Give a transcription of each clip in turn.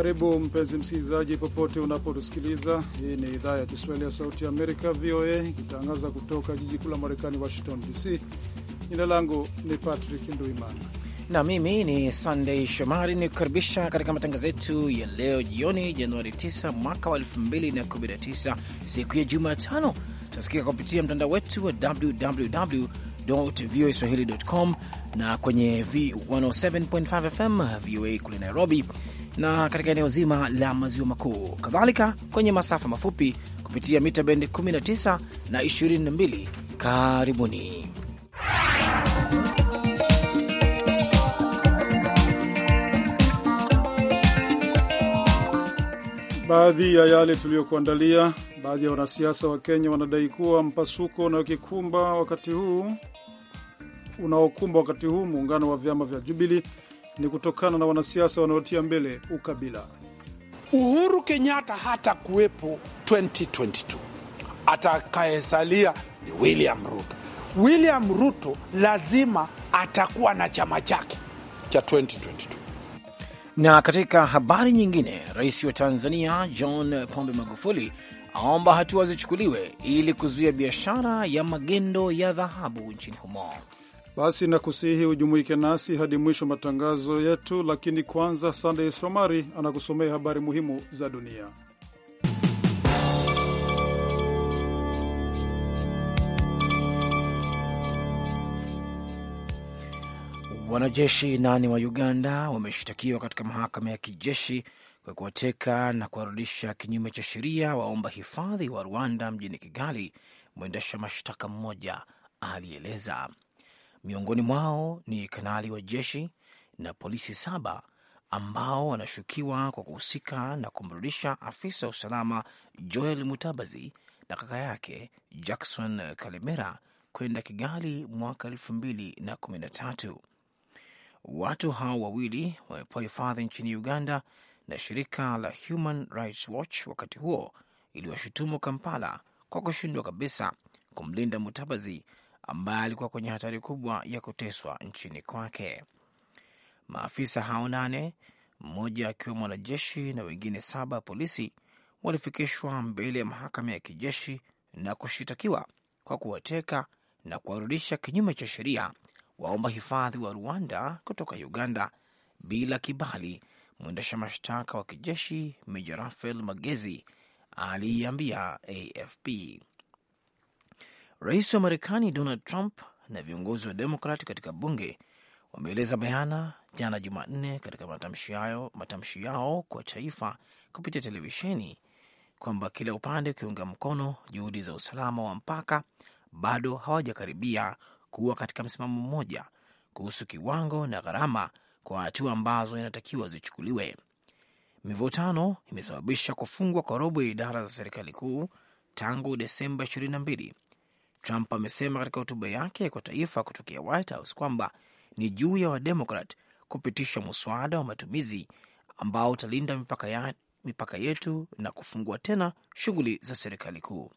Karibu mpenzi msikilizaji, popote unapotusikiliza. Hii ni idhaa ya Kiswahili ya Sauti ya Amerika, VOA, ikitangaza kutoka jiji kuu la Marekani, Washington DC. Jina langu ni Patrick Nduimana na mimi ni Sandei Shomari, ni kukaribisha katika matangazo yetu ya leo jioni, Januari 9 mwaka wa 2019 siku ya Jumatano. Tunasikika kupitia mtandao wetu wa www voa swahili.com na kwenye v 107.5 FM VOA kule Nairobi na katika eneo zima la maziwa makuu, kadhalika kwenye masafa mafupi kupitia mita bendi 19 na 22. Karibuni. Baadhi ya yale tuliyokuandalia: baadhi ya wanasiasa wa Kenya wanadai kuwa mpasuko unaokikumba wakati huu unaokumba wakati huu muungano wa vyama vya Jubilee ni kutokana na wanasiasa wanaotia mbele ukabila. Uhuru Kenyatta hata kuwepo 2022 atakayesalia ni William Ruto. William Ruto lazima atakuwa na chama chake cha 2022. Na katika habari nyingine, rais wa Tanzania John Pombe Magufuli aomba hatua zichukuliwe ili kuzuia biashara ya magendo ya dhahabu nchini humo. Basi nakusihi ujumuike nasi hadi mwisho matangazo yetu, lakini kwanza, Sandey Shomari anakusomea habari muhimu za dunia. Wanajeshi nane wa Uganda wameshtakiwa katika mahakama ya kijeshi kwa kuwateka na kuwarudisha kinyume cha sheria waomba hifadhi wa Rwanda mjini Kigali, mwendesha mashtaka mmoja alieleza. Miongoni mwao ni kanali wa jeshi na polisi saba ambao wanashukiwa kwa kuhusika na kumrudisha afisa wa usalama Joel Mutabazi na kaka yake Jackson Kalemera kwenda Kigali mwaka elfu mbili na kumi na tatu. Watu hao wawili wamepewa hifadhi nchini Uganda na shirika la Human Rights Watch wakati huo iliwashutumu Kampala kwa kushindwa kabisa kumlinda Mutabazi ambaye alikuwa kwenye hatari kubwa ya kuteswa nchini kwake. Maafisa hao nane, mmoja akiwa mwanajeshi na wengine saba polisi, walifikishwa mbele ya mahakama ya kijeshi na kushitakiwa kwa kuwateka na kuwarudisha kinyume cha sheria waomba hifadhi wa Rwanda kutoka Uganda bila kibali. Mwendesha mashtaka wa kijeshi Meja Rafael Magezi aliiambia AFP. Rais wa Marekani Donald Trump na viongozi wa Demokrat katika bunge wameeleza bayana jana Jumanne katika matamshi yao, matamshi yao kwa taifa kupitia televisheni kwamba kila upande ukiunga mkono juhudi za usalama wa mpaka, bado hawajakaribia kuwa katika msimamo mmoja kuhusu kiwango na gharama kwa hatua ambazo inatakiwa zichukuliwe. Mivutano imesababisha kufungwa kwa robo ya idara za serikali kuu tangu Desemba 22 Trump amesema katika hotuba yake kwa taifa kutokea White House kwamba ni juu ya Wademokrat kupitisha muswada wa matumizi ambao utalinda mipaka, ya, mipaka yetu na kufungua tena shughuli za serikali kuu.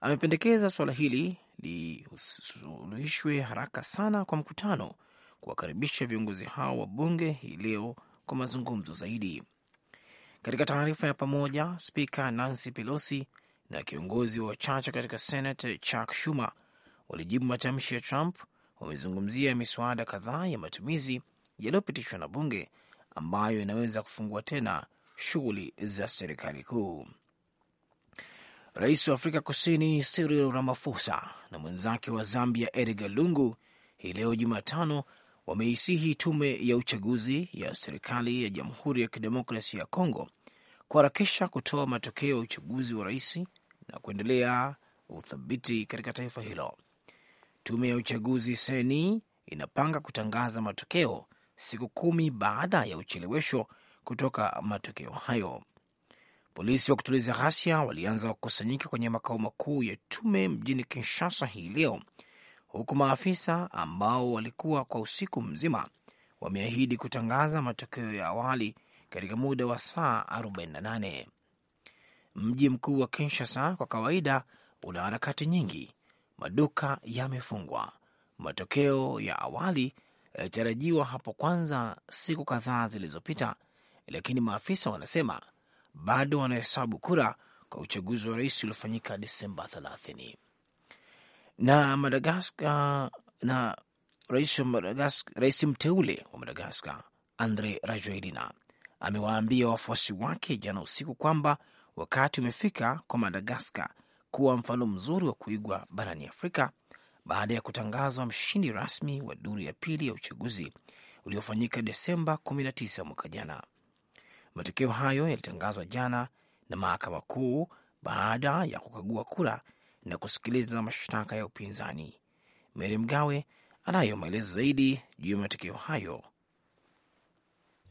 Amependekeza suala hili lisuluhishwe haraka sana kwa mkutano kuwakaribisha viongozi hao wa bunge hii leo kwa mazungumzo zaidi. Katika taarifa ya pamoja, spika Nancy Pelosi na kiongozi wa wachache katika Senate Chuck Schumer walijibu matamshi ya Trump. Wamezungumzia miswada kadhaa ya matumizi yaliyopitishwa na bunge ambayo inaweza kufungua tena shughuli za serikali kuu. Rais wa Afrika Kusini Cyril Ramaphosa na mwenzake wa Zambia Edgar Lungu hii leo Jumatano wameisihi tume ya uchaguzi ya serikali ya Jamhuri ya Kidemokrasia ya Kongo kuharakisha kutoa matokeo ya uchaguzi wa rais na kuendelea uthabiti katika taifa hilo. Tume ya uchaguzi seni inapanga kutangaza matokeo siku kumi baada ya uchelewesho kutoka matokeo hayo. Polisi wa kutuliza ghasia walianza kukusanyika kwenye makao makuu ya tume mjini Kinshasa hii leo, huku maafisa ambao walikuwa kwa usiku mzima wameahidi kutangaza matokeo ya awali katika muda wa saa 48. Mji mkuu wa Kinshasa kwa kawaida una harakati nyingi, maduka yamefungwa. Matokeo ya awali yalitarajiwa eh, hapo kwanza siku kadhaa zilizopita, lakini maafisa wanasema bado wanahesabu kura kwa uchaguzi wa rais uliofanyika Desemba 30. Na Madagaskar, na rais Madagaskar, mteule wa Madagaskar Andre Rajoelina amewaambia wafuasi wake jana usiku kwamba wakati umefika kwa Madagaskar kuwa mfano mzuri wa kuigwa barani Afrika baada ya kutangazwa mshindi rasmi wa duru ya pili ya uchaguzi uliofanyika Desemba 19 mwaka jana. Matokeo hayo yalitangazwa jana na mahakama kuu baada ya kukagua kura na kusikiliza mashtaka ya upinzani. mary Mgawe anayo maelezo zaidi juu ya matokeo hayo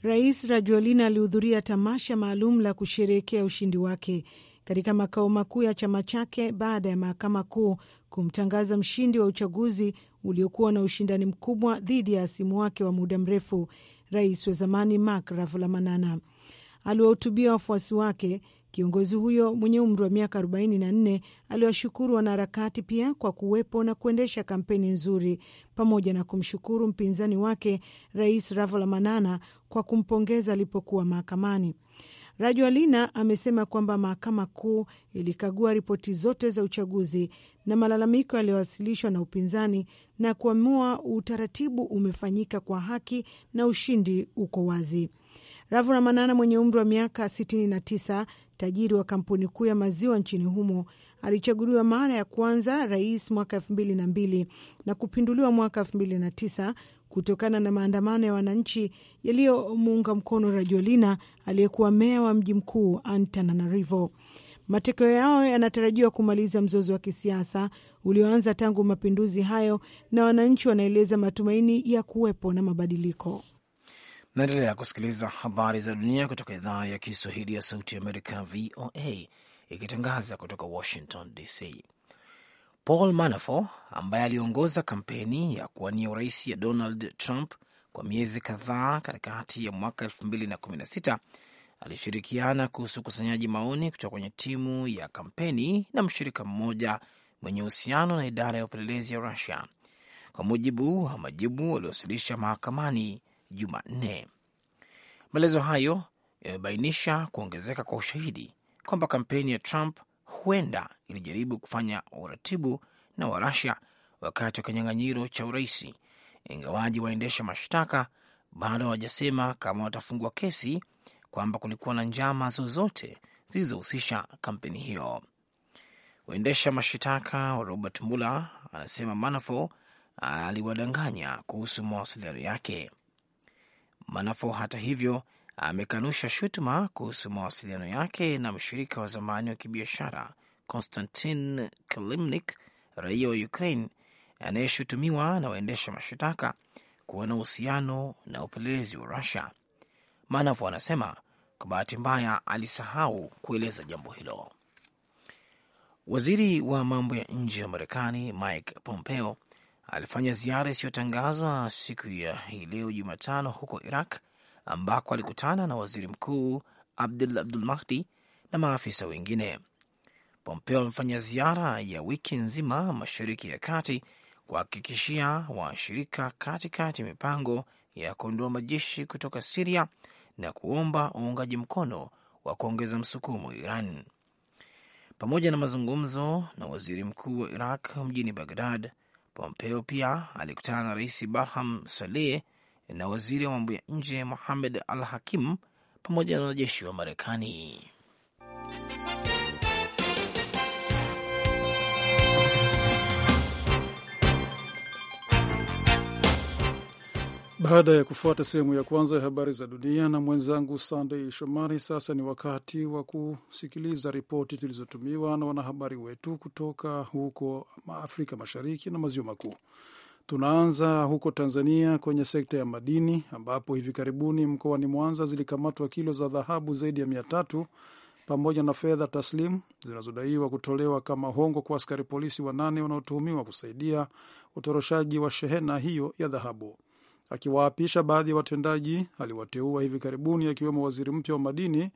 Rais Rajoelina alihudhuria tamasha maalum la kusherehekea ushindi wake katika makao makuu ya chama chake baada ya mahakama kuu kumtangaza mshindi wa uchaguzi uliokuwa na ushindani mkubwa dhidi ya hasimu wake wa muda mrefu, rais wa zamani Marc Ravalomanana. Aliwahutubia wafuasi wake Kiongozi huyo mwenye umri wa miaka 44 aliwashukuru wanaharakati pia kwa kuwepo na kuendesha kampeni nzuri, pamoja na kumshukuru mpinzani wake Rais Ravalomanana kwa kumpongeza alipokuwa mahakamani. Rajoelina amesema kwamba mahakama kuu ilikagua ripoti zote za uchaguzi na malalamiko yaliyowasilishwa na upinzani na kuamua utaratibu umefanyika kwa haki na ushindi uko wazi. Ravuramanana mwenye umri wa miaka 69, tajiri wa kampuni kuu ya maziwa nchini humo, alichaguliwa mara ya kwanza rais mwaka 2002 na kupinduliwa mwaka 2009 kutokana na maandamano ya wananchi yaliyomuunga mkono rajolina aliyekuwa meya wa mji mkuu Antananarivo. Matokeo yao yanatarajiwa kumaliza mzozo wa kisiasa ulioanza tangu mapinduzi hayo, na wananchi wanaeleza matumaini ya kuwepo na mabadiliko. Naendelea kusikiliza habari za dunia kutoka idhaa ya Kiswahili ya Sauti Amerika, VOA, ikitangaza kutoka Washington DC. Paul Manafort ambaye aliongoza kampeni ya kuwania urais ya Donald Trump kwa miezi kadhaa katikati ya mwaka 2016 alishirikiana kuhusu ukusanyaji maoni kutoka kwenye timu ya kampeni na mshirika mmoja mwenye uhusiano na idara ya upelelezi ya Rusia, kwa mujibu wa majibu waliowasilisha mahakamani Jumanne. Maelezo hayo yamebainisha kuongezeka kwa ushahidi kwamba kampeni ya Trump huenda ilijaribu kufanya uratibu na Warusia wakati wa kinyang'anyiro cha uraisi, ingawaji waendesha mashtaka bado hawajasema kama watafungua kesi kwamba kulikuwa na njama zozote zilizohusisha kampeni hiyo. Waendesha mashtaka wa Robert Mueller anasema Manafort aliwadanganya kuhusu mawasiliano yake. Manafo hata hivyo amekanusha shutuma kuhusu mawasiliano yake na mshirika wa zamani wa kibiashara Konstantin klimnik raia wa Ukraine anayeshutumiwa na waendesha mashtaka kuwa na uhusiano na upelelezi wa Rusia. Manafo anasema kwa bahati mbaya alisahau kueleza jambo hilo. Waziri wa mambo ya nje wa Marekani Mike Pompeo alifanya ziara isiyotangazwa siku ya hii leo Jumatano huko Iraq ambako alikutana na waziri mkuu Abdul Abdul Mahdi na maafisa wengine. Pompeo amefanya ziara ya wiki nzima Mashariki ya Kati kuhakikishia washirika katikati mipango ya kuondoa majeshi kutoka Siria na kuomba uungaji mkono wa kuongeza msukumo Iran. Pamoja na mazungumzo na waziri mkuu wa Iraq mjini Bagdad, Pompeo pia alikutana na Rais Barham Saleh na waziri wa mambo ya nje Mohamed Al Hakim pamoja na wanajeshi wa Marekani. Baada ya kufuata sehemu ya kwanza ya habari za dunia na mwenzangu Sandey Shomari, sasa ni wakati wa kusikiliza ripoti zilizotumiwa na wanahabari wetu kutoka huko Afrika Mashariki na Maziwa Makuu. Tunaanza huko Tanzania, kwenye sekta ya madini ambapo hivi karibuni mkoani Mwanza zilikamatwa kilo za dhahabu zaidi ya mia tatu pamoja na fedha taslimu zinazodaiwa kutolewa kama hongo kwa askari polisi wanane wanaotuhumiwa kusaidia utoroshaji wa shehena hiyo ya dhahabu. Akiwaapisha baadhi ya watendaji aliwateua hivi karibuni, akiwemo waziri mpya wa madini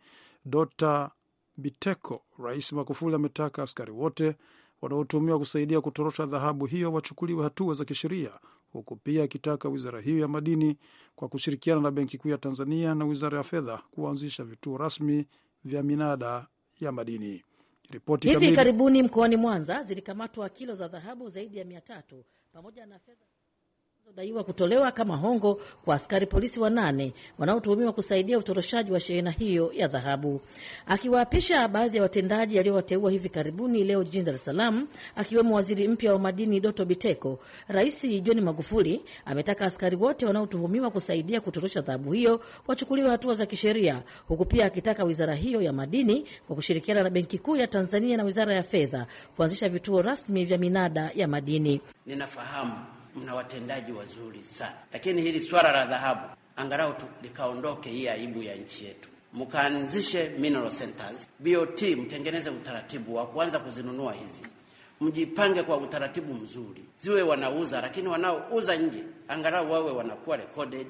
Dr Biteko, Rais Magufuli ametaka askari wote wanaotumiwa kusaidia kutorosha dhahabu hiyo wachukuliwe hatua za kisheria, huku pia akitaka wizara hiyo ya madini kwa kushirikiana na Benki Kuu ya Tanzania na wizara ya fedha kuanzisha vituo rasmi vya minada ya madini. Ripoti hivi karibuni mkoani Mwanza zilikamatwa kilo za dhahabu zaidi ya mia tatu pamoja na fedha daiwa kutolewa kama hongo kwa askari polisi wanane wanaotuhumiwa kusaidia utoroshaji wa shehena hiyo ya dhahabu. Akiwaapisha baadhi ya watendaji aliowateua hivi karibuni leo jijini Dar es Salaam, akiwemo waziri mpya wa madini Doto Biteko, Rais John Magufuli ametaka askari wote wanaotuhumiwa kusaidia kutorosha dhahabu hiyo wachukuliwe hatua za kisheria, huku pia akitaka wizara hiyo ya madini kwa kushirikiana na Benki Kuu ya Tanzania na Wizara ya Fedha kuanzisha vituo rasmi vya minada ya madini. Ninafahamu mna watendaji wazuri sana, lakini hili swala la dhahabu angalau tu likaondoke hii aibu ya nchi yetu. Mkaanzishe mineral centers, BOT mtengeneze utaratibu wa kuanza kuzinunua hizi, mjipange kwa utaratibu mzuri, ziwe wanauza, lakini wanaouza nje angalau wawe wanakuwa recorded,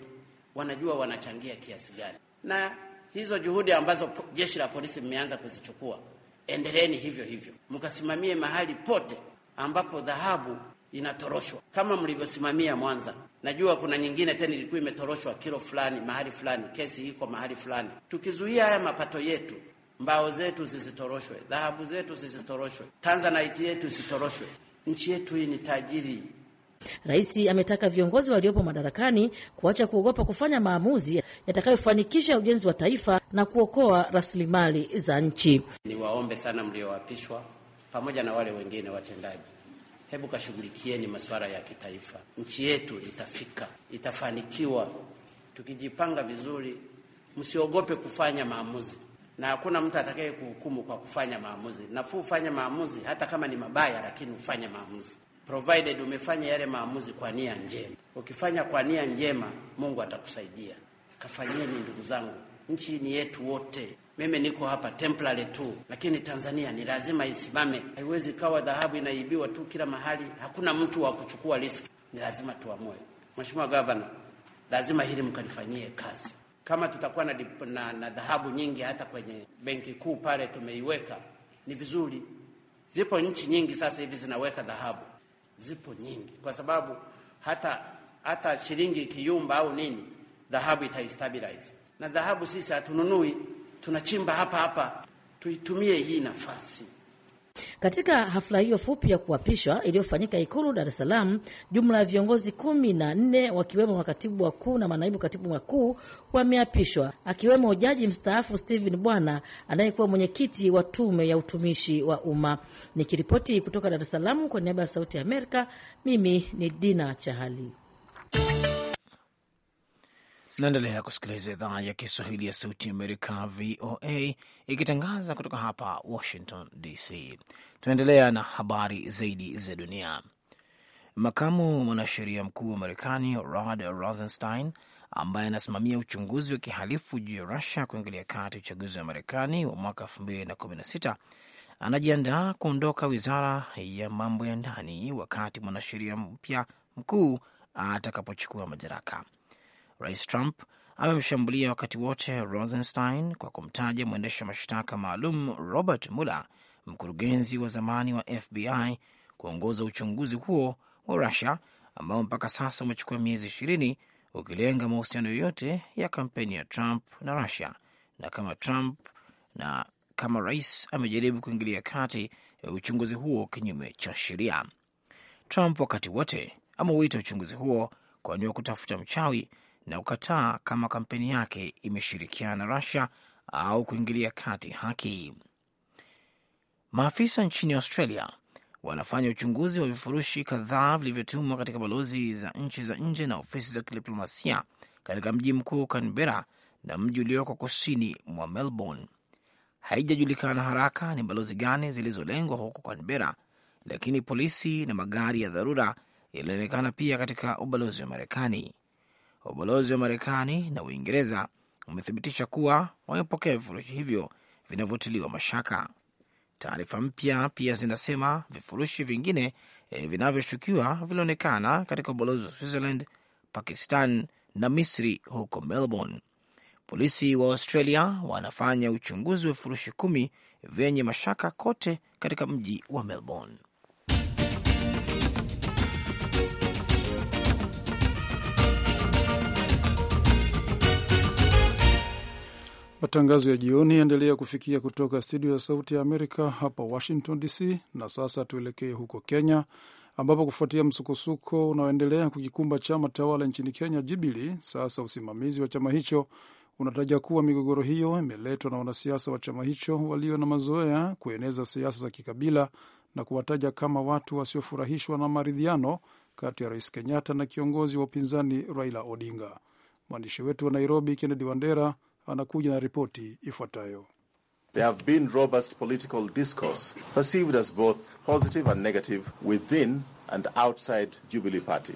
wanajua wanachangia kiasi gani. Na hizo juhudi ambazo jeshi la polisi mmeanza kuzichukua, endeleeni hivyo hivyo, mkasimamie mahali pote ambapo dhahabu inatoroshwa kama mlivyosimamia Mwanza. Najua kuna nyingine tena ilikuwa imetoroshwa kilo fulani mahali fulani, kesi iko mahali fulani. Tukizuia haya mapato yetu, mbao zetu zisitoroshwe, dhahabu zetu zisitoroshwe, tanzanite yetu isitoroshwe, nchi yetu hii ni tajiri. Rais ametaka viongozi waliopo madarakani kuacha kuogopa kufanya maamuzi yatakayofanikisha ujenzi wa taifa na kuokoa rasilimali za nchi. Niwaombe sana mlioapishwa pamoja na wale wengine watendaji hebu kashughulikieni masuala ya kitaifa. Nchi yetu itafika, itafanikiwa tukijipanga vizuri. Msiogope kufanya maamuzi, na hakuna mtu atakaye kuhukumu kwa kufanya maamuzi. Nafuu ufanye maamuzi, hata kama ni mabaya, lakini ufanye maamuzi provided umefanya yale maamuzi kwa nia njema. Ukifanya kwa nia njema, Mungu atakusaidia. Kafanyeni ndugu zangu, nchi ni yetu wote. Mimi niko hapa temporary tu, lakini Tanzania ni lazima isimame. Haiwezi kawa dhahabu inaibiwa tu kila mahali, hakuna mtu wa kuchukua riski. Ni lazima tuamue. Mheshimiwa Gavana, lazima hili mkalifanyie kazi. Kama tutakuwa na, na, na dhahabu nyingi hata kwenye benki kuu pale tumeiweka, ni vizuri. Zipo nchi nyingi sasa hivi zinaweka dhahabu, zipo nyingi, kwa sababu hata hata shilingi ikiyumba au nini, dhahabu itaistabilize. Na dhahabu sisi hatununui tunachimba hapa hapa, tuitumie hii nafasi. Katika hafla hiyo fupi ya kuapishwa iliyofanyika Ikulu Dar es Salaam, jumla ya viongozi kumi na nne wakiwemo makatibu wakuu na manaibu katibu wakuu wameapishwa, akiwemo jaji mstaafu Stephen Bwana anayekuwa mwenyekiti wa Tume ya Utumishi wa Umma. Nikiripoti kutoka Dar es Salaam kwa niaba ya Sauti ya Amerika, mimi ni Dina Chahali. Naendelea kusikiliza idhaa ya Kiswahili ya Sauti Amerika, VOA, ikitangaza kutoka hapa Washington DC. Tunaendelea na habari zaidi za dunia. Makamu mwanasheria mkuu wa Marekani Rod Rosenstein, ambaye anasimamia uchunguzi wa kihalifu juu ya Rusia kuingilia kati uchaguzi wa Marekani wa mwaka sita anajiandaa kuondoka wizara ya mambo ya ndani wakati mwanasheria mpya mkuu atakapochukua madaraka. Rais Trump amemshambulia wakati wote Rosenstein kwa kumtaja mwendesha mashtaka maalum Robert Mueller, mkurugenzi wa zamani wa FBI, kuongoza uchunguzi huo wa Rusia ambao mpaka sasa umechukua miezi ishirini ukilenga mahusiano yoyote ya kampeni ya Trump na Rusia na kama Trump na kama rais amejaribu kuingilia kati ya eh, uchunguzi huo kinyume cha sheria. Trump wakati wote ameuita uchunguzi huo kwani wa kutafuta mchawi na kukataa kama kampeni yake imeshirikiana na Rusia au kuingilia kati haki. Maafisa nchini Australia wanafanya uchunguzi wa vifurushi kadhaa vilivyotumwa katika balozi za nchi za nje na ofisi za kidiplomasia katika mji mkuu Canberra na mji ulioko kusini mwa Melbourne. Haijajulikana haraka ni balozi gani zilizolengwa huko Canberra, lakini polisi na magari ya dharura yalionekana pia katika ubalozi wa Marekani. Ubalozi wa Marekani na Uingereza umethibitisha kuwa wamepokea vifurushi hivyo vinavyotiliwa mashaka. Taarifa mpya pia zinasema vifurushi vingine e, vinavyoshukiwa vilionekana katika ubalozi wa Switzerland, Pakistan na Misri huko Melbourne. Polisi wa Australia wanafanya uchunguzi wa vifurushi kumi vyenye mashaka kote katika mji wa Melbourne. Matangazo ya jioni yaendelea kufikia kutoka studio ya Sauti ya Amerika hapa Washington DC. Na sasa tuelekee huko Kenya, ambapo kufuatia msukosuko unaoendelea kukikumba chama tawala nchini Kenya, Jubilee, sasa usimamizi wa chama hicho unataja kuwa migogoro hiyo imeletwa na wanasiasa wa chama hicho walio na mazoea kueneza siasa za kikabila na kuwataja kama watu wasiofurahishwa na maridhiano kati ya Rais Kenyatta na kiongozi wa upinzani Raila Odinga. Mwandishi wetu wa Nairobi, Kennedy Wandera, anakuja na ripoti ifuatayo. There have been robust political discourse perceived as both positive and negative within and outside Jubilee Party.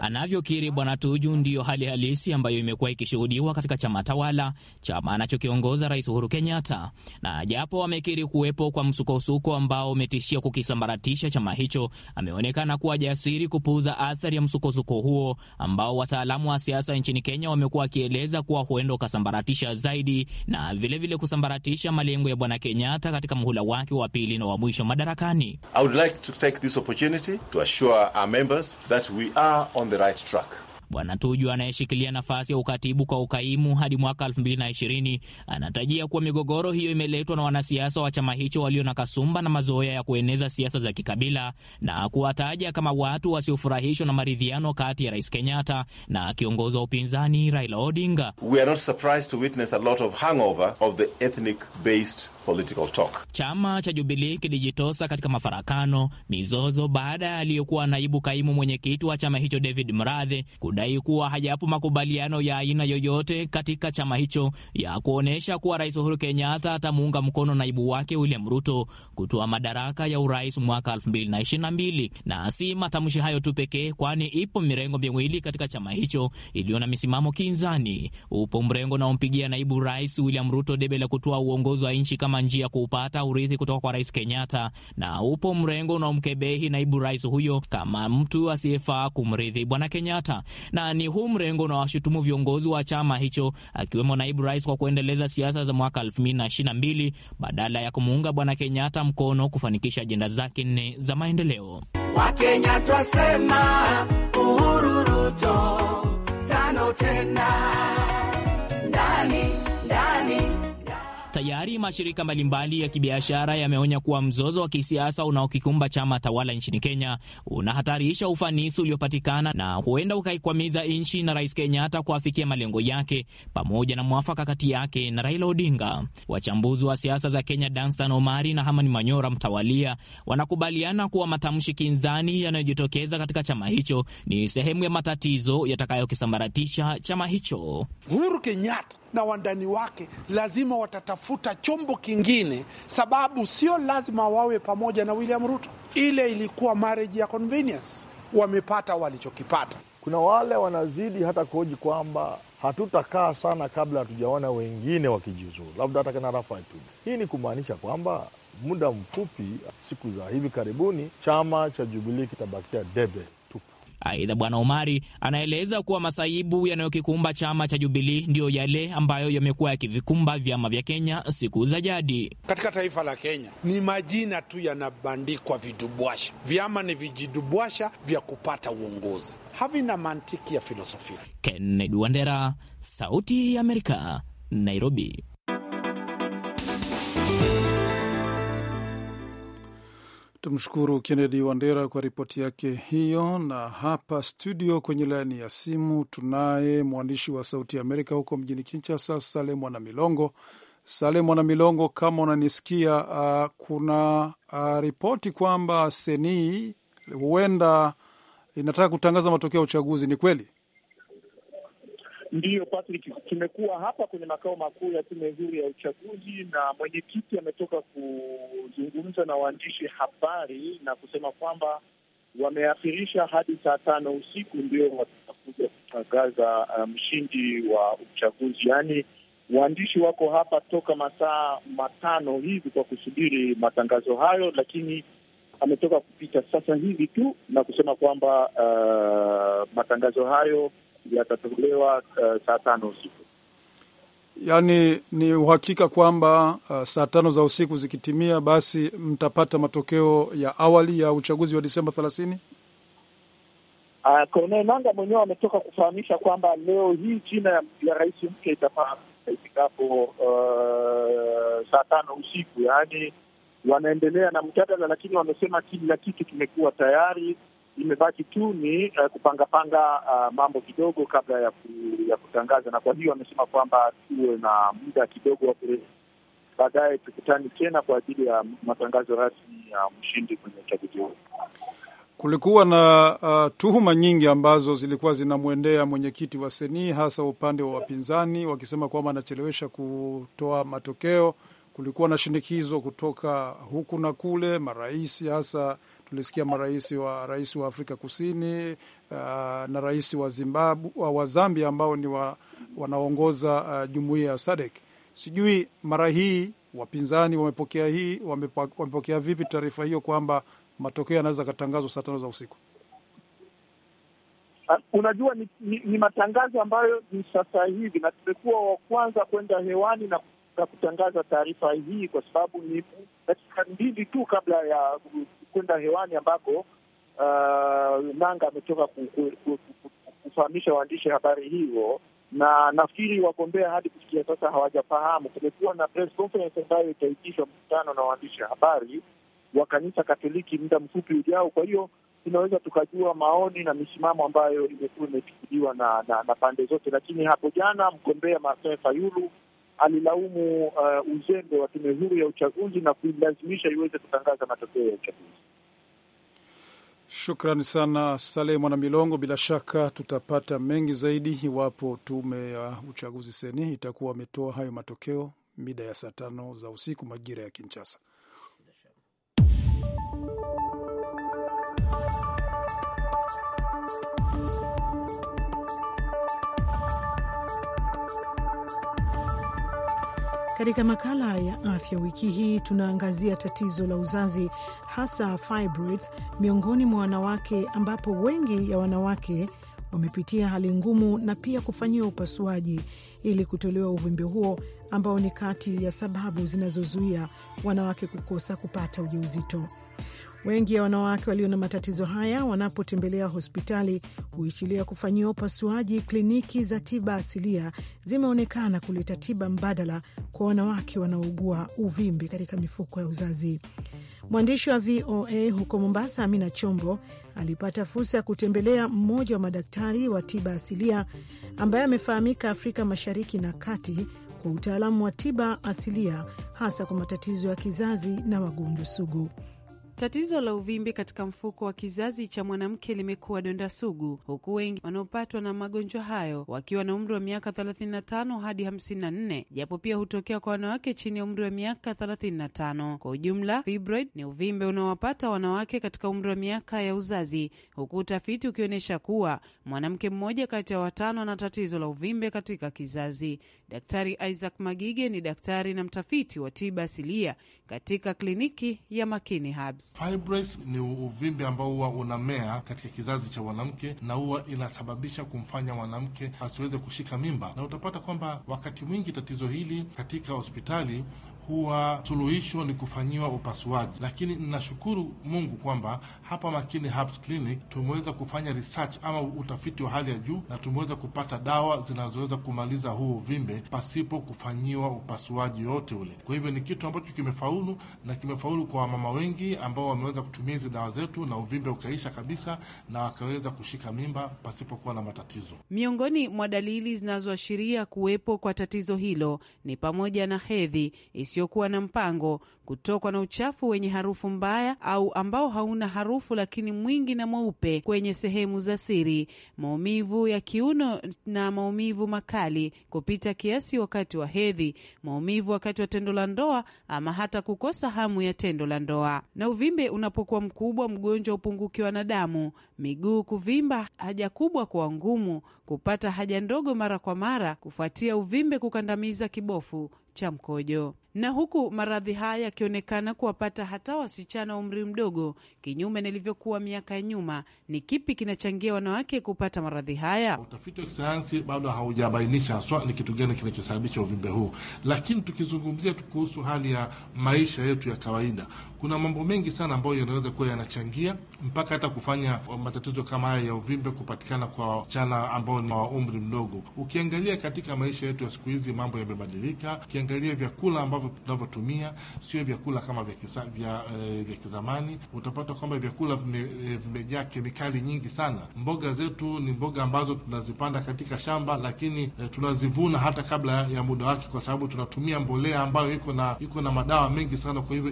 Anavyokiri Bwana Tuju ndiyo hali halisi ambayo imekuwa ikishuhudiwa katika chama tawala, chama anachokiongoza Rais Uhuru Kenyatta. Na japo amekiri kuwepo kwa msukosuko ambao umetishia kukisambaratisha chama hicho, ameonekana kuwa jasiri kupuuza athari ya msukosuko huo ambao wataalamu wa siasa nchini Kenya wamekuwa wakieleza kuwa huenda ukasambaratisha zaidi na vilevile vile kusambaratisha malengo ya Bwana Kenyatta katika muhula wake wa pili na wa mwisho madarakani. I would like to take this opportunity to assure our members that we are on the right track. Bwana Tuju anayeshikilia nafasi ya ukatibu kwa ukaimu hadi mwaka 2020 anatajia kuwa migogoro hiyo imeletwa na wanasiasa wa chama hicho walio na kasumba na mazoea ya kueneza siasa za kikabila na kuwataja kama watu wasiofurahishwa na maridhiano kati ya Rais Kenyatta na kiongozi wa upinzani Raila Odinga. We are not surprised to witness a lot of hangover of the ethnic based political talk. Chama cha Jubilee kilijitosa katika mafarakano, mizozo baada ya aliyekuwa naibu kaimu mwenyekiti wa chama hicho David Mradhe kudai kuwa hajapo makubaliano ya aina yoyote katika chama hicho ya kuonyesha kuwa Rais Uhuru Kenyatta atamuunga mkono naibu wake William Ruto kutoa madaraka ya urais mwaka 2022. Na si matamshi hayo tu pekee, kwani ipo mirengo miwili katika chama hicho iliyo na misimamo kinzani. Upo mrengo unaompigia naibu rais William Ruto debe la kutoa uongozi wa nchi kama njia ya kuupata urithi kutoka kwa Rais Kenyatta, na upo mrengo unaomkebehi naibu rais huyo kama mtu asiyefaa kumrithi Bwana Kenyatta na ni huu mrengo unawashutumu viongozi wa chama hicho akiwemo naibu rais kwa kuendeleza siasa za mwaka 2022 badala ya kumuunga bwana Kenyatta mkono kufanikisha ajenda zake nne za maendeleo. Wakenya twasema Uhuru Ruto tano tena ndani ndani Tayari mashirika mbalimbali ya kibiashara yameonya kuwa mzozo wa kisiasa unaokikumba chama tawala nchini Kenya unahatarisha ufanisi uliopatikana na huenda ukaikwamiza nchi na Rais Kenyatta kuafikia malengo yake pamoja na mwafaka kati yake na Raila Odinga. Wachambuzi wa siasa za Kenya Danstan Omari na Hamani Manyora mtawalia wanakubaliana kuwa matamshi kinzani yanayojitokeza katika chama hicho ni sehemu ya matatizo yatakayokisambaratisha chama hicho. Uhuru Kenyatta na wandani wake lazima watatafuta kutafuta chombo kingine, sababu sio lazima wawe pamoja na William Ruto. Ile ilikuwa marriage ya convenience, wamepata walichokipata. Kuna wale wanazidi hata kuhoji kwamba hatutakaa sana kabla hatujaona wengine wakijiuzuru, labda hata kana Rafai tu. Hii ni kumaanisha kwamba muda mfupi, siku za hivi karibuni, chama cha Jubilii kitabakia debe. Aidha, Bwana Omari anaeleza kuwa masaibu yanayokikumba chama cha Jubilii ndiyo yale ambayo yamekuwa yakivikumba vyama vya Kenya siku za jadi. Katika taifa la Kenya ni majina tu yanabandikwa vidubwasha, vyama ni vijidubwasha vya kupata uongozi, havina mantiki ya filosofia. Kennedy Wandera, Sauti ya Amerika, Nairobi. Tumshukuru Kennedy Wandera kwa ripoti yake hiyo. Na hapa studio kwenye laini ya simu tunaye mwandishi wa Sauti ya Amerika huko mjini Kinshasa, Sale Mwana Milongo. Sale Mwana Milongo, kama unanisikia, uh, kuna uh, ripoti kwamba senii huenda inataka kutangaza matokeo ya uchaguzi, ni kweli? Ndiyo, Patrick, tumekuwa hapa kwenye makao makuu ya tume huru ya uchaguzi, na mwenyekiti ametoka kuzungumza na waandishi habari na kusema kwamba wameafirisha hadi saa tano usiku ndio watakuja kutangaza uh, mshindi um, wa uchaguzi. Yaani waandishi wako hapa toka masaa matano hivi kwa kusubiri matangazo hayo, lakini ametoka kupita sasa hivi tu na kusema kwamba uh, matangazo hayo yatatolewa uh, saa tano usiku. Yaani ni uhakika kwamba uh, saa tano za usiku zikitimia, basi mtapata matokeo ya awali ya uchaguzi wa Disemba thelathini. Uh, Corneille Nanga mwenyewe ametoka kufahamisha kwamba leo hii jina ya, ya rais mpya itafahamika ifikapo uh, saa tano usiku. Yaani wanaendelea na mjadala, lakini wamesema kila kitu kimekuwa tayari imebaki tu ni uh, kupangapanga uh, mambo kidogo kabla ya, ku, ya kutangaza, na kwa hiyo amesema kwamba tuwe na muda kidogo wa baadaye tukutane tena kwa ajili ya matangazo rasmi ya mshindi kwenye uchaguzi huu. Kulikuwa na uh, tuhuma nyingi ambazo zilikuwa zinamwendea mwenyekiti wa seni hasa upande wa wapinzani, wakisema kwamba anachelewesha kutoa matokeo kulikuwa na shinikizo kutoka huku na kule, marais hasa tulisikia marais wa rais wa Afrika Kusini uh, na rais wa Zimbabwe, wa Zambia ambao ni wa, wanaongoza uh, jumuiya ya SADC. Sijui mara hii wapinzani wamepokea hii wamepokea vipi taarifa hiyo kwamba matokeo yanaweza katangazwa saa tano za usiku. Uh, unajua ni, ni, ni matangazo ambayo ni sasa hivi na tumekuwa wa kwanza kwenda hewani na za kutangaza taarifa hii, kwa sababu ni dakika mbili tu kabla ya kwenda hewani ambako uh, Nanga ametoka kufahamisha waandishi habari hiyo, na nafikiri wagombea hadi kufikia sasa hawajafahamu. Kumekuwa na press conference ambayo itaitishwa mkutano na waandishi habari wa kanisa Katoliki muda mfupi ujao, kwa hiyo tunaweza tukajua maoni na misimamo ambayo imekuwa imechukuliwa na, na, na pande zote. Lakini hapo jana mgombea Martin Fayulu alilaumu uh, uzembe wa tume huru ya uchaguzi na kuilazimisha iweze kutangaza matokeo ya uchaguzi. Shukrani sana Saleh Mwana Milongo. Bila shaka tutapata mengi zaidi iwapo tume ya uchaguzi seni itakuwa wametoa hayo matokeo mida ya saa tano za usiku majira ya Kinshasa. Katika makala ya afya wiki hii tunaangazia tatizo la uzazi hasa fibroids miongoni mwa wanawake, ambapo wengi ya wanawake wamepitia hali ngumu na pia kufanyiwa upasuaji ili kutolewa uvimbe huo ambao ni kati ya sababu zinazozuia wanawake kukosa kupata ujauzito. Wengi ya wanawake walio na matatizo haya wanapotembelea hospitali huichilia kufanyiwa upasuaji. Kliniki za tiba asilia zimeonekana kuleta tiba mbadala kwa wanawake wanaougua uvimbe katika mifuko ya uzazi. Mwandishi wa VOA huko Mombasa, Amina Chombo, alipata fursa ya kutembelea mmoja wa madaktari wa tiba asilia ambaye amefahamika Afrika Mashariki na Kati kwa utaalamu wa tiba asilia, hasa kwa matatizo ya kizazi na wagonjwa sugu. Tatizo la uvimbe katika mfuko wa kizazi cha mwanamke limekuwa donda sugu, huku wengi wanaopatwa na magonjwa hayo wakiwa na umri wa miaka 35 hadi 54, japo pia hutokea kwa wanawake chini ya umri wa miaka 35. Kwa ujumla, fibroid ni uvimbe unaowapata wanawake katika umri wa miaka ya uzazi, huku utafiti ukionyesha kuwa mwanamke mmoja kati ya watano ana tatizo la uvimbe katika kizazi. Daktari Isaac Magige ni daktari na mtafiti wa tiba asilia katika kliniki ya Makini Herbs. Fibroids ni uvimbe ambao huwa unamea katika kizazi cha mwanamke na huwa inasababisha kumfanya mwanamke asiweze kushika mimba, na utapata kwamba wakati mwingi tatizo hili katika hospitali huwa suluhisho ni kufanyiwa upasuaji, lakini ninashukuru Mungu kwamba hapa Makini Herbs Clinic tumeweza kufanya research ama utafiti wa hali ya juu na tumeweza kupata dawa zinazoweza kumaliza huo uvimbe pasipo kufanyiwa upasuaji yote ule. Kwa hivyo ni kitu ambacho kimefaulu na kimefaulu kwa wamama wengi ambao wameweza kutumia hizi dawa zetu na uvimbe ukaisha kabisa na wakaweza kushika mimba pasipokuwa na matatizo. Miongoni mwa dalili zinazoashiria kuwepo kwa tatizo hilo ni pamoja na hedhi isi isiyokuwa na mpango, kutokwa na uchafu wenye harufu mbaya au ambao hauna harufu lakini mwingi na mweupe kwenye sehemu za siri, maumivu ya kiuno na maumivu makali kupita kiasi wakati wa hedhi, maumivu wakati wa tendo la ndoa ama hata kukosa hamu ya tendo la ndoa. Na uvimbe unapokuwa mkubwa, mgonjwa hupungukiwa na damu, miguu kuvimba, haja kubwa kuwa ngumu, kupata haja ndogo mara kwa mara kufuatia uvimbe kukandamiza kibofu cha mkojo na huku maradhi haya yakionekana kuwapata hata wasichana wa umri mdogo, kinyume nilivyokuwa miaka ya nyuma. Ni kipi kinachangia wanawake kupata maradhi haya? Utafiti wa kisayansi bado haujabainisha haswa ni kitu gani kinachosababisha uvimbe huu, lakini tukizungumzia tu kuhusu hali ya maisha yetu ya kawaida, kuna mambo mengi sana ambayo yanaweza kuwa yanachangia mpaka hata kufanya matatizo kama haya ya uvimbe kupatikana kwa wasichana ambao ni wa umri mdogo. Ukiangalia katika maisha yetu ya siku hizi, mambo yamebadilika. Ukiangalia vyakula ambavyo tunavyotumia sio vyakula kama vya, vya, e, vya kizamani. Utapata kwamba vyakula eh, vimejaa e, kemikali nyingi sana. Mboga zetu ni mboga ambazo tunazipanda katika shamba, lakini e, tunazivuna hata kabla ya muda wake, kwa sababu tunatumia mbolea ambayo iko na iko na madawa mengi sana, kwa hivyo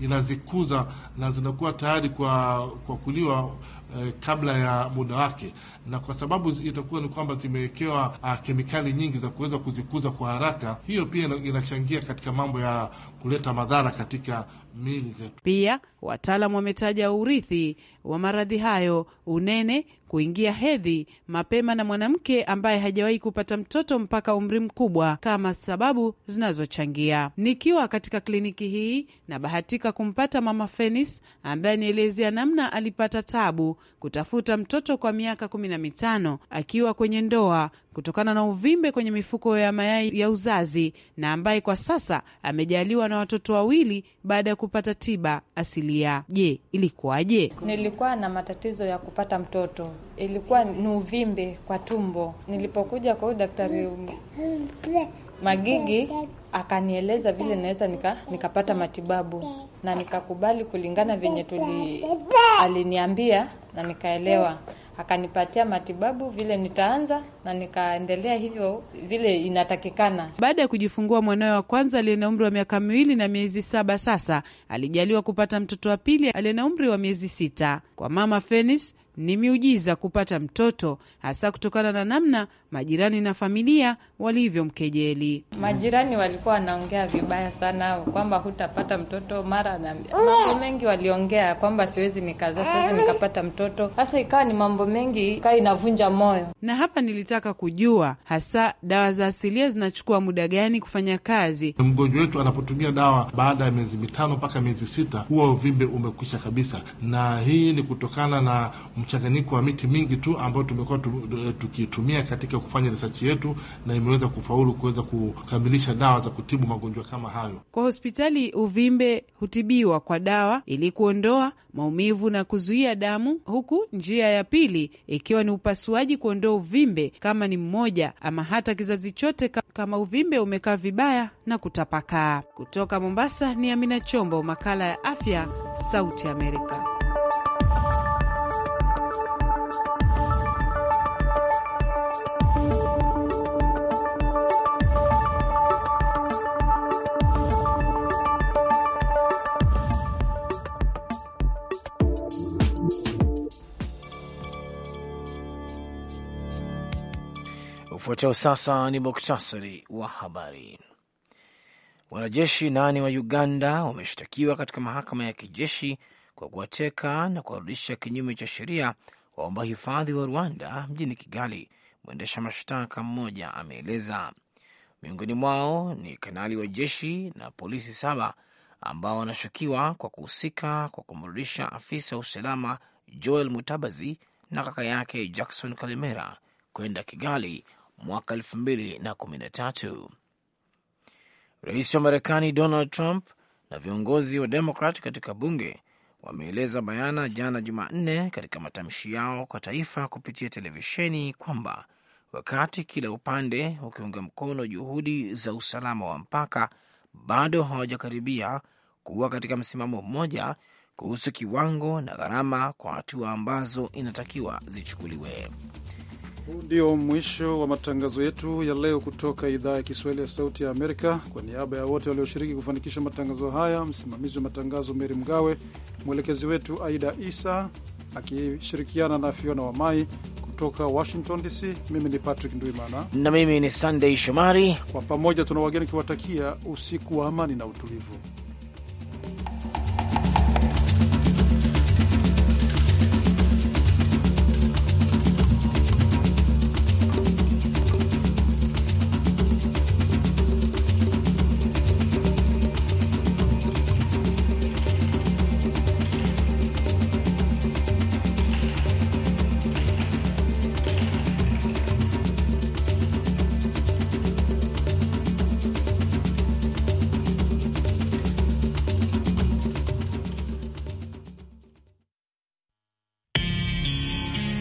inazikuza ina, ina na zinakuwa tayari kwa, kwa kuliwa eh, kabla ya muda wake, na kwa sababu itakuwa ni kwamba zimewekewa ah, kemikali nyingi za kuweza kuzikuza kwa haraka, hiyo pia inachangia katika mambo ya kuleta madhara katika miili zetu. Pia wataalamu wametaja urithi wa maradhi hayo, unene, kuingia hedhi mapema na mwanamke ambaye hajawahi kupata mtoto mpaka umri mkubwa kama sababu zinazochangia. Nikiwa katika kliniki hii nabahatika kumpata Mama Fenis ambaye anielezea namna alipata tabu kutafuta mtoto kwa miaka kumi na mitano akiwa kwenye ndoa kutokana na uvimbe kwenye mifuko ya mayai ya uzazi na ambaye kwa sasa amejaliwa na watoto wawili baada ya kupata tiba asilia. Je, ilikuwaje? Nilikuwa na matatizo ya kupata mtoto, ilikuwa ni uvimbe kwa tumbo. Nilipokuja kwa huyu daktari Magigi akanieleza vile naweza nika, nikapata matibabu na nikakubali kulingana venye tuli aliniambia na nikaelewa akanipatia matibabu vile nitaanza na nikaendelea hivyo vile inatakikana. Baada ya kujifungua mwanawe wa kwanza aliye na umri wa miaka miwili na miezi saba, sasa alijaliwa kupata mtoto wa pili aliye na umri wa miezi sita. Kwa mama Fenis ni miujiza kupata mtoto, hasa kutokana na namna majirani na familia walivyomkejeli. Majirani walikuwa wanaongea vibaya sana kwamba hutapata mtoto, mara na mambo mengi waliongea kwamba siwezi nikazaa, siwezi nikapata mtoto. Sasa ikawa ni mambo mengi, ikawa inavunja moyo. Na hapa nilitaka kujua hasa dawa za asilia zinachukua muda gani kufanya kazi. Mgonjwa wetu anapotumia dawa baada ya miezi mitano mpaka miezi sita, huwa uvimbe umekwisha kabisa, na hii ni kutokana na mchanganyiko wa miti mingi tu ambayo tumekuwa eh, tukiitumia katika kufanya research yetu na imeweza kufaulu kuweza kukamilisha dawa za kutibu magonjwa kama hayo. Kwa hospitali, uvimbe hutibiwa kwa dawa ili kuondoa maumivu na kuzuia damu, huku njia ya pili ikiwa ni upasuaji kuondoa uvimbe kama ni mmoja ama hata kizazi chote kama uvimbe umekaa vibaya na kutapakaa. Kutoka Mombasa ni Amina Chombo, makala ya afya, Sauti Amerika. Ufuatao sasa ni muktasari wa habari. Wanajeshi nane wa Uganda wameshtakiwa katika mahakama ya kijeshi kwa kuwateka na kuwarudisha kinyume cha sheria waomba hifadhi wa Rwanda mjini Kigali. Mwendesha mashtaka mmoja ameeleza miongoni mwao ni kanali wa jeshi na polisi saba ambao wanashukiwa kwa kuhusika kwa kumrudisha afisa wa usalama Joel Mutabazi na kaka yake Jackson Kalemera kwenda Kigali mwaka Rais wa Marekani Donald Trump na viongozi wa Demokrat katika bunge wameeleza bayana jana Jumanne katika matamshi yao kwa taifa kupitia televisheni kwamba wakati kila upande wakiunga mkono juhudi za usalama wa mpaka, bado hawajakaribia kuwa katika msimamo mmoja kuhusu kiwango na gharama kwa hatua ambazo inatakiwa zichukuliwe. Huu ndio mwisho wa matangazo yetu ya leo kutoka idhaa ya Kiswahili ya Sauti ya Amerika. Kwa niaba ya wote walioshiriki kufanikisha matangazo haya, msimamizi wa matangazo Meri Mgawe, mwelekezi wetu Aida Isa akishirikiana na Fiona Wamai kutoka Washington DC. Mimi ni Patrick Ndwimana na mimi ni Sandey Shomari. Kwa pamoja tuna wageni kiwatakia usiku wa amani na utulivu.